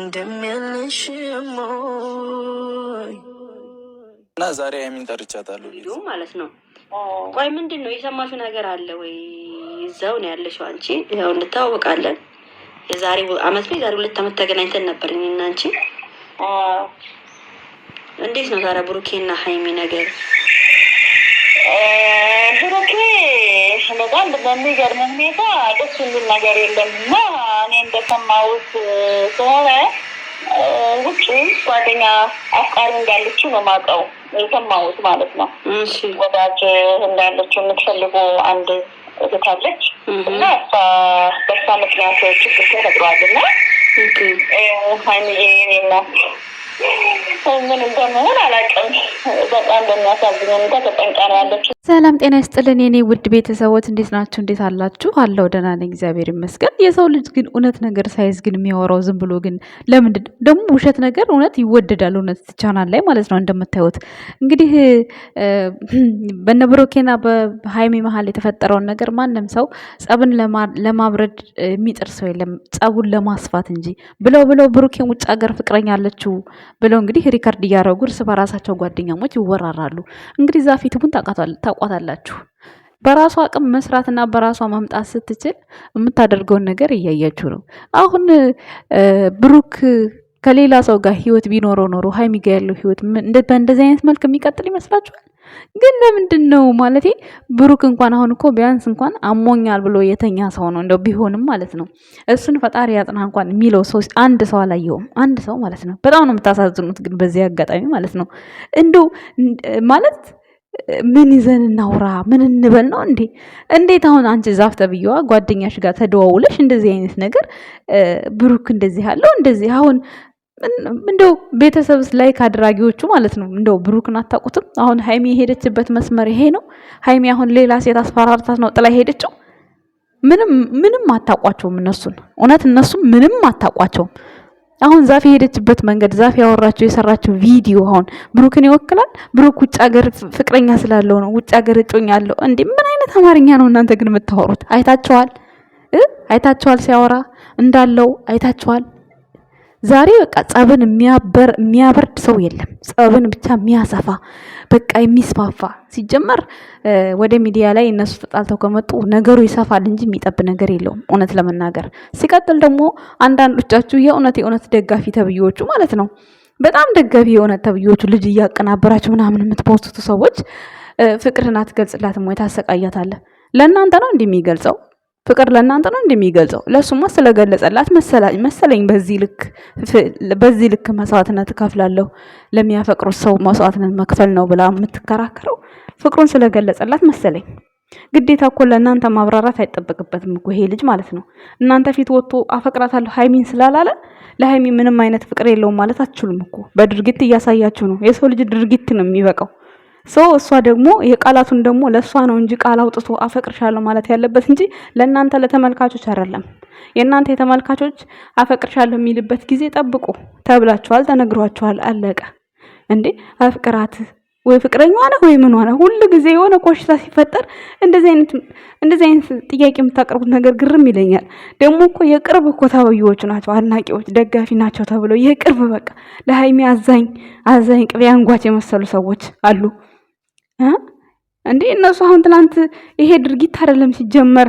እና ዛሬ ሀይሚን ጠርቻታለሁ ሄዶ ማለት ነው። ቆይ ምንድን ነው የሰማሽው ነገር አለ ወይ? እዛው ነው ያለሽው አንቺ። ያው እንታወቃለን። የዛሬ አመት ነው የዛሬ ሁለት አመት ተገናኝተን ነበር እኔና አንቺ። እንዴት ነው ዛሬ ብሩኬና ሀይሚ ነገር ብሩኬ በጣም በሚገርም ሁኔታ ደስ የሚል ነገር የለም እና እኔ እንደሰማሁት ከሆነ ውጭ ጓደኛ አፍቃሪ እንዳለችው ነው የማውቀው፣ የሰማሁት ማለት ነው። ወዳጅ እንዳለችው የምትፈልጉ አንድ እህት እና እሷ በእሷ ምክንያት ችግር ተፈጥሯል እና ሀይሚዬ የኔ እናት ሰላም ጤና ይስጥልን የኔ ውድ ቤተሰቦች እንዴት ናችሁ? እንዴት አላችሁ? አለው ደህና ነኝ እግዚአብሔር ይመስገን። የሰው ልጅ ግን እውነት ነገር ሳይዝ ግን የሚያወራው ዝም ብሎ ግን ለምንድን ደግሞ ውሸት ነገር እውነት ይወደዳል። እውነት ቻናል ላይ ማለት ነው እንደምታዩት እንግዲህ በነ ብሩኬና በሀይሚ መሀል የተፈጠረውን ነገር ማንም ሰው ጸብን ለማብረድ የሚጥር ሰው የለም ጸቡን ለማስፋት እንጂ ብለው ብለው ብሩኬን ውጭ ሀገር ፍቅረኛ አለችው ብለው እንግዲህ ሪከርድ እያደረጉ እርስ በራሳቸው ጓደኛሞች ይወራራሉ። እንግዲህ ፊት ቡን ታቋታላችሁ። በራሷ አቅም መስራትና በራሷ ማምጣት ስትችል የምታደርገውን ነገር እያያችሁ ነው። አሁን ብሩክ ከሌላ ሰው ጋር ህይወት ቢኖረው ኖሮ ሀይሚ ጋ ያለው ህይወት በእንደዚህ አይነት መልክ የሚቀጥል ይመስላችኋል? ግን ለምንድን ነው ማለት ብሩክ እንኳን አሁን እኮ ቢያንስ እንኳን አሞኛል ብሎ የተኛ ሰው ነው እንደው ቢሆንም ማለት ነው እሱን ፈጣሪ ያጽና እንኳን የሚለው ሰው አንድ ሰው አላየውም። አንድ ሰው ማለት ነው። በጣም ነው የምታሳዝኑት። ግን በዚህ አጋጣሚ ማለት ነው እንደው ማለት ምን ይዘን እናውራ? ምን እንበል ነው እንዴ? እንዴት አሁን አንቺ ዛፍ ተብዬዋ ጓደኛሽ ጋር ተደዋውለሽ እንደዚህ አይነት ነገር ብሩክ እንደዚህ አለው እንደዚህ አሁን እንደው ቤተሰብስ ላይ ከአድራጊዎቹ ማለት ነው። እንደው ብሩክን አታውቁትም? አሁን ሀይሚ የሄደችበት መስመር ይሄ ነው። ሀይሚ አሁን ሌላ ሴት አስፈራርታት ነው ጥላ ሄደችው። ምንም ምንም አታውቋቸውም እነሱን። እውነት እነሱም ምንም አታውቋቸውም። አሁን ዛፍ የሄደችበት መንገድ ዛፍ ያወራችው የሰራችው ቪዲዮ አሁን ብሩክን ይወክላል። ብሩክ ውጭ ሀገር ፍቅረኛ ስላለው ነው ውጭ ሀገር እጮኛ አለው እንዴ! ምን አይነት አማርኛ ነው እናንተ ግን የምታወሩት? አይታችኋል አይታችኋል ሲያወራ እንዳለው አይታችኋል። ዛሬ በቃ ጸብን የሚያበርድ ሰው የለም። ጸብን ብቻ የሚያሰፋ በቃ የሚስፋፋ ሲጀመር ወደ ሚዲያ ላይ እነሱ ተጣልተው ከመጡ ነገሩ ይሰፋል እንጂ የሚጠብ ነገር የለውም፣ እውነት ለመናገር ሲቀጥል ደግሞ አንዳንዶቻችሁ የእውነት የእውነት ደጋፊ ተብዬዎቹ ማለት ነው በጣም ደጋፊ የእውነት ተብዬዎቹ ልጅ እያቀናበራችሁ ምናምን የምትፖስቱ ሰዎች ፍቅርን አትገልጽላትም ወይ ታሰቃያታለህ? ለእናንተ ነው የሚገልጸው። ፍቅር ለእናንተ ነው እንደሚገልጸው ለእሱማ ስለገለጸላት መሰለኝ በዚህ ልክ በዚህ ልክ መስዋዕትነት እከፍላለሁ ለሚያፈቅሩት ሰው መስዋዕትነት መክፈል ነው ብላ የምትከራከረው ፍቅሩን ስለገለጸላት መሰለኝ። ግዴታ እኮ ለእናንተ ማብራራት አይጠበቅበትም እኮ ይሄ ልጅ ማለት ነው። እናንተ ፊት ወጥቶ አፈቅራታለሁ ሀይሚን ስላላለ ለሀይሚ ምንም አይነት ፍቅር የለውም ማለት አትችሉም እኮ። በድርጊት እያሳያችሁ ነው። የሰው ልጅ ድርጊት ነው የሚበቃው። ሶ እሷ ደግሞ የቃላቱን ደግሞ ለእሷ ነው እንጂ ቃል አውጥቶ አፈቅርሻለሁ ማለት ያለበት እንጂ ለእናንተ ለተመልካቾች አይደለም። የእናንተ የተመልካቾች አፈቅርሻለሁ የሚልበት ጊዜ ጠብቁ ተብላችኋል፣ ተነግሯችኋል። አለቀ እንዴ! አፍቅራት ወይ ፍቅረኛ ነህ ወይ ምን ሆነ? ሁሉ ጊዜ የሆነ ኮሽታ ሲፈጠር እንደዚህ አይነት እንደዚህ አይነት ጥያቄ የምታቀርቡት ነገር ግርም ይለኛል። ደግሞ እኮ የቅርብ እኮ ተብዬዎች ናቸው፣ አድናቂዎች፣ ደጋፊ ናቸው ተብለው የቅርብ በቃ ለሀይሜ አዛኝ አዛኝ ቅቤ አንጓች የመሰሉ ሰዎች አሉ። እንዴ እነሱ አሁን ትላንት ይሄ ድርጊት አይደለም ሲጀመር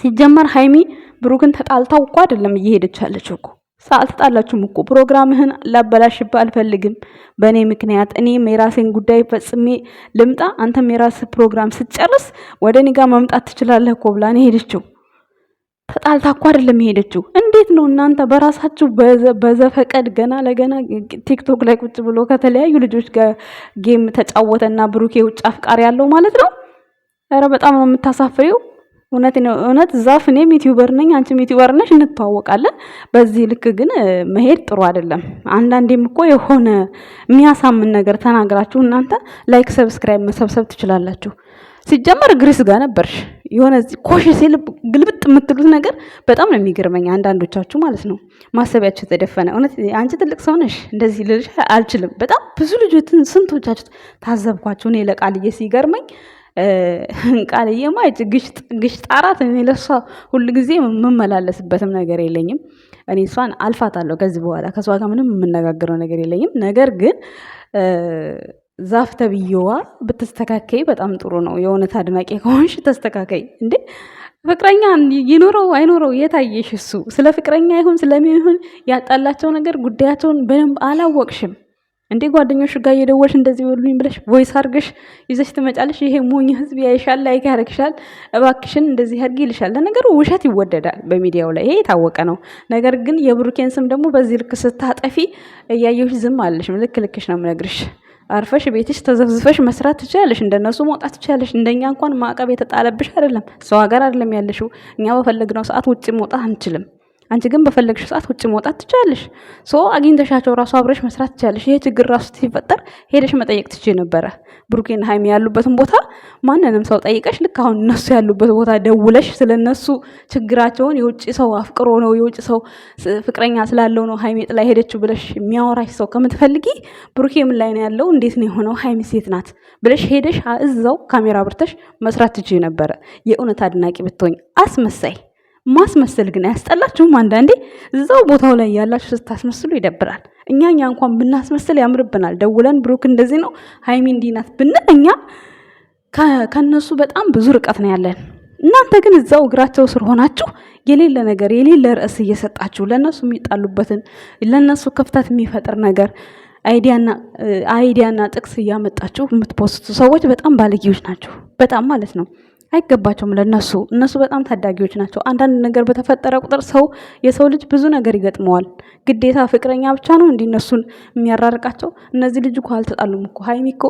ሲጀመር ሀይሚ ብሩክን ተጣልታው እኮ አይደለም እየሄደች ያለች እኮ አልተጣላችሁም እኮ ፕሮግራምህን ላበላሽባ አልፈልግም በእኔ ምክንያት እኔም የራሴን ጉዳይ ፈጽሜ ልምጣ አንተም የራስ ፕሮግራም ስትጨርስ ወደ እኔ ጋር መምጣት ትችላለህ እኮ ብላ ነው የሄደችው ተጣልታ እኮ አይደለም የሄደችው። እንዴት ነው እናንተ በራሳችሁ በዘፈቀድ ገና ለገና ቲክቶክ ላይ ቁጭ ብሎ ከተለያዩ ልጆች ጋር ጌም ተጫወተና ብሩኬ ውጭ አፍቃሪ ያለው ማለት ነው። ኧረ በጣም ነው የምታሳፍሪው። እውነት ነው እውነት። ዛፍ እኔም ዩቲዩበር ነኝ፣ አንቺም ዩቲዩበር ነሽ፣ እንተዋወቃለን። በዚህ ልክ ግን መሄድ ጥሩ አይደለም። አንዳንዴም እኮ የሆነ የሚያሳምን ነገር ተናግራችሁ እናንተ ላይክ፣ ሰብስክራይብ መሰብሰብ ትችላላችሁ። ሲጀመር ግሪስ ጋር ነበርሽ የሆነ ኮሽ ሲል ግልብጥ የምትሉት ነገር በጣም ነው የሚገርመኝ። አንዳንዶቻችሁ ማለት ነው ማሰቢያቸው የተደፈነ። እውነት አንቺ ትልቅ ሰው ነሽ እንደዚህ ልልሽ አልችልም። በጣም ብዙ ልጆትን ስንቶቻችሁ ታዘብኳቸው እኔ ለቃልዬ ሲገርመኝ ቃልዬማ ግሽ ጣራት እኔ ለሷ ሁሉ ጊዜ የምመላለስበትም ነገር የለኝም። እኔ እሷን አልፋታለሁ ከዚህ በኋላ ከሷ ጋር ምንም የምነጋገረው ነገር የለኝም። ነገር ግን ዛፍ ተብዬዋ ብትስተካከይ በጣም ጥሩ ነው። የእውነት አድናቂ ከሆንሽ ተስተካከይ። እንዴ ፍቅረኛ ይኖረው አይኖረው የታየሽ እሱ ስለ ፍቅረኛ ይሁን ስለሚሆን ያጣላቸው ነገር ጉዳያቸውን በደንብ አላወቅሽም። እንዴ ጓደኞች ጋር እየደወልሽ እንደዚህ በሉኝ ብለሽ ቮይስ አርገሽ ይዘሽ ትመጫለሽ። ይሄ ሞኝ ህዝብ ያይሻል፣ ላይክ ያደርግሻል። እባክሽን እንደዚህ አድርጊ ይልሻል። ለነገሩ ውሸት ይወደዳል በሚዲያው ላይ ይሄ የታወቀ ነው። ነገር ግን የብሩኬን ስም ደግሞ በዚህ ልክ ስታጠፊ እያየሁሽ ዝም አለሽም። ልክ ልክሽ ነው የምነግርሽ። አርፈሽ ቤትሽ ተዘፍዝፈሽ መስራት ትችላለሽ። እንደነሱ መውጣት ትችላለሽ። እንደኛ እንኳን ማዕቀብ የተጣለብሽ አይደለም። ሰው ሀገር አይደለም ያለሽው። እኛ በፈለግነው ሰዓት ውጭ መውጣት አንችልም። አንቺ ግን በፈለግሽ ሰዓት ውጭ መውጣት ትችላለሽ። ሶ አግኝተሻቸው ራሱ አብረሽ መስራት ትችላለሽ። ይሄ ችግር ራሱ ሲፈጠር ሄደሽ መጠየቅ ትችይ ነበረ። ብሩኬን ሀይሚ ያሉበትን ቦታ ማንንም ሰው ጠይቀሽ ልክ አሁን እነሱ ያሉበት ቦታ ደውለሽ ስለነሱ ችግራቸውን የውጭ ሰው አፍቅሮ ነው የውጭ ሰው ፍቅረኛ ስላለው ነው ሀይሚ ጥላ ሄደችው ብለሽ የሚያወራሽ ሰው ከምትፈልጊ ብሩኬ ምን ላይ ነው ያለው፣ እንዴት ነው የሆነው፣ ሀይሚ ሴት ናት ብለሽ ሄደሽ እዛው ካሜራ ብርተሽ መስራት ትችይ ነበረ። የእውነት አድናቂ ብትሆኝ አስመሳይ ማስመሰል ግን አያስጠላችሁም? አንዳንዴ እዛው ቦታው ላይ ያላችሁ ስታስመስሉ ይደብራል። እኛ እኛ እንኳን ብናስመስል ያምርብናል። ደውለን ብሩክ እንደዚህ ነው ሀይሚ እንዲህ ናት ብንል እኛ ከነሱ በጣም ብዙ ርቀት ነው ያለን። እናንተ ግን እዛው እግራቸው ስር ሆናችሁ የሌለ ነገር የሌለ ርዕስ እየሰጣችሁ ለእነሱ የሚጣሉበትን ለእነሱ ክፍተት የሚፈጥር ነገር አይዲያና ጥቅስ እያመጣችሁ የምትፖስቱ ሰዎች በጣም ባለጌዎች ናችሁ። በጣም ማለት ነው። አይገባቸውም ለነሱ። እነሱ በጣም ታዳጊዎች ናቸው። አንዳንድ ነገር በተፈጠረ ቁጥር ሰው የሰው ልጅ ብዙ ነገር ይገጥመዋል። ግዴታ ፍቅረኛ ብቻ ነው እንዲህ እነሱን የሚያራርቃቸው? እነዚህ ልጅ እኮ አልተጣሉም እኮ ሀይሚ እኮ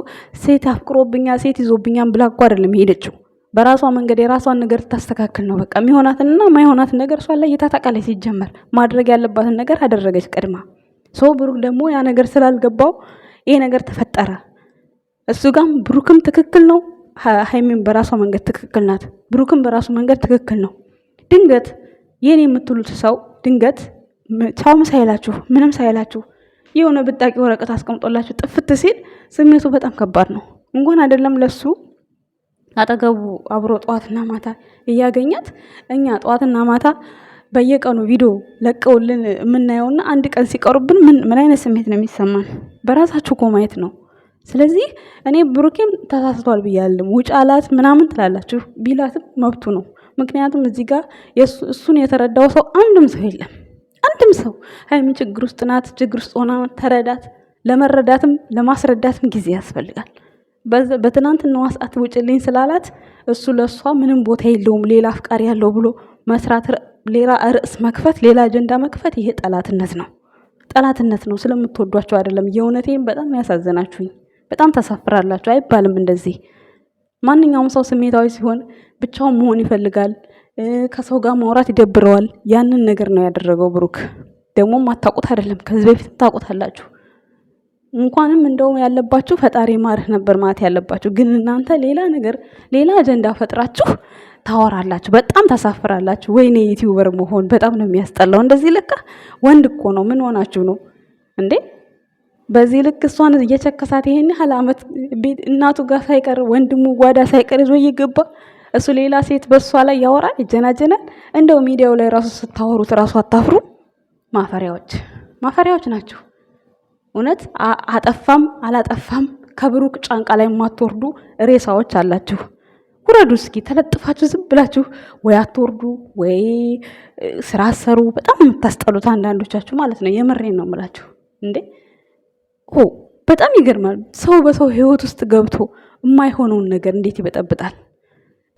ሴት አፍቅሮብኛ ሴት ይዞብኛም ብላ እኮ አይደለም የሄደችው። በራሷ መንገድ የራሷን ነገር ታስተካክል ነው በቃ። የሚሆናትንና ማይሆናትን ነገር እሷ ላይ የታጠቃላይ ሲጀመር ማድረግ ያለባትን ነገር አደረገች ቀድማ። ሰው ብሩክ ደግሞ ያ ነገር ስላልገባው ይሄ ነገር ተፈጠረ። እሱ ጋም ብሩክም ትክክል ነው ሀይሚን በራሷ መንገድ ትክክል ናት፣ ብሩክን በራሱ መንገድ ትክክል ነው። ድንገት የኔ የምትሉት ሰው ድንገት ቻውም ሳይላችሁ ምንም ሳይላችሁ የሆነ ብጣቂ ወረቀት አስቀምጦላችሁ ጥፍት ሲል ስሜቱ በጣም ከባድ ነው። እንኳን አይደለም ለሱ አጠገቡ አብሮ ጠዋትና ማታ እያገኛት እኛ ጠዋትና ማታ በየቀኑ ቪዲዮ ለቀውልን የምናየውና አንድ ቀን ሲቀሩብን ምን ምን አይነት ስሜት ነው የሚሰማን? በራሳችሁ እኮ ማየት ነው። ስለዚህ እኔ ብሩኬም ተሳስቷል ብያለም ውጭ አላት ምናምን ትላላችሁ ቢላትም መብቱ ነው። ምክንያቱም እዚህ ጋር እሱን የተረዳው ሰው አንድም ሰው የለም። አንድም ሰው ሀይሚ ችግር ውስጥ ናት፣ ችግር ውስጥ ሆና ተረዳት። ለመረዳትም ለማስረዳትም ጊዜ ያስፈልጋል። በትናንትናዋ ሰዓት ውጭልኝ ስላላት እሱ ለእሷ ምንም ቦታ የለውም ሌላ አፍቃሪ ያለው ብሎ መስራት፣ ሌላ ርዕስ መክፈት፣ ሌላ አጀንዳ መክፈት፣ ይሄ ጠላትነት ነው። ጠላትነት ነው። ስለምትወዷቸው አይደለም። የእውነቴም በጣም ያሳዘናችሁኝ በጣም ታሳፍራላችሁ አይባልም እንደዚህ። ማንኛውም ሰው ስሜታዊ ሲሆን ብቻውን መሆን ይፈልጋል፣ ከሰው ጋር ማውራት ይደብረዋል። ያንን ነገር ነው ያደረገው ብሩክ። ደግሞ ማታውቁት አይደለም ከዚህ በፊት ታውቁታላችሁ። እንኳንም እንደውም ያለባችሁ ፈጣሪ ማርህ ነበር ማለት ያለባችሁ፣ ግን እናንተ ሌላ ነገር ሌላ አጀንዳ ፈጥራችሁ ታወራላችሁ። በጣም ታሳፍራላችሁ። ወይኔ ዩቲዩበር መሆን በጣም ነው የሚያስጠላው። እንደዚህ ለካ ወንድ እኮ ነው። ምን ሆናችሁ ነው እንዴ? በዚህ ልክ እሷን እየቸከሳት ይሄን ያህል ዓመት እናቱ ጋር ሳይቀር ወንድሙ ጓዳ ሳይቀር ይዞ እየገባ እሱ ሌላ ሴት በእሷ ላይ ያወራል፣ ይጀናጀናል። እንደው ሚዲያው ላይ ራሱ ስታወሩት ራሱ አታፍሩ። ማፈሪያዎች ማፈሪያዎች ናቸው። እውነት አጠፋም አላጠፋም ከብሩክ ጫንቃ ላይ የማትወርዱ ሬሳዎች አላችሁ። ውረዱ እስኪ ተለጥፋችሁ ዝም ብላችሁ ወይ አትወርዱ ወይ ስራ ሰሩ። በጣም የምታስጠሉት አንዳንዶቻችሁ ማለት ነው። የምሬን ነው የምላችሁ እንዴ ኦ በጣም ይገርማል። ሰው በሰው ህይወት ውስጥ ገብቶ የማይሆነውን ነገር እንዴት ይበጠብጣል?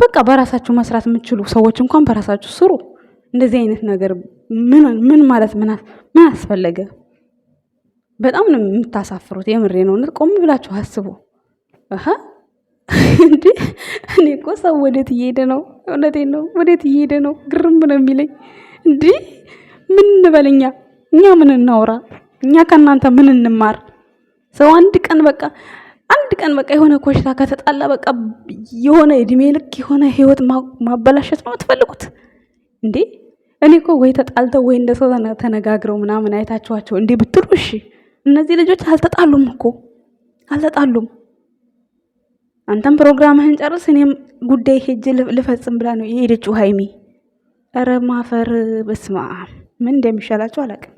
በቃ በራሳችሁ መስራት የምትችሉ ሰዎች እንኳን በራሳችሁ ስሩ። እንደዚህ አይነት ነገር ምን ማለት ምን አስፈለገ? በጣም ነው የምታሳፍሩት። የምሬ ነው። ቆም ብላችሁ አስቡ። እንዴ እኔ እኮ ሰው ወዴት እየሄደ ነው? እውነቴን ነው። ወዴት እየሄደ ነው? ግርም ነው የሚለኝ። እንዲህ ምን እንበል እኛ እኛ ምን እናውራ እኛ ከእናንተ ምን እንማር? ሰው አንድ ቀን በቃ አንድ ቀን በቃ የሆነ ኮሽታ ከተጣላ በቃ የሆነ እድሜ ልክ የሆነ ህይወት ማበላሸት ነው የምትፈልጉት እንዴ? እኔ እኮ ወይ ተጣልተው ወይ እንደ ሰው ተነጋግረው ምናምን አይታችኋቸው እንዴ ብትሉ እሺ። እነዚህ ልጆች አልተጣሉም እኮ አልተጣሉም። አንተም ፕሮግራምህን ጨርስ፣ እኔም ጉዳይ ሄጅ ልፈጽም ብላ ነው የሄደችው ሀይሚ። ኧረ ማፈር በስማ ምን እንደሚሻላቸው አላውቅም።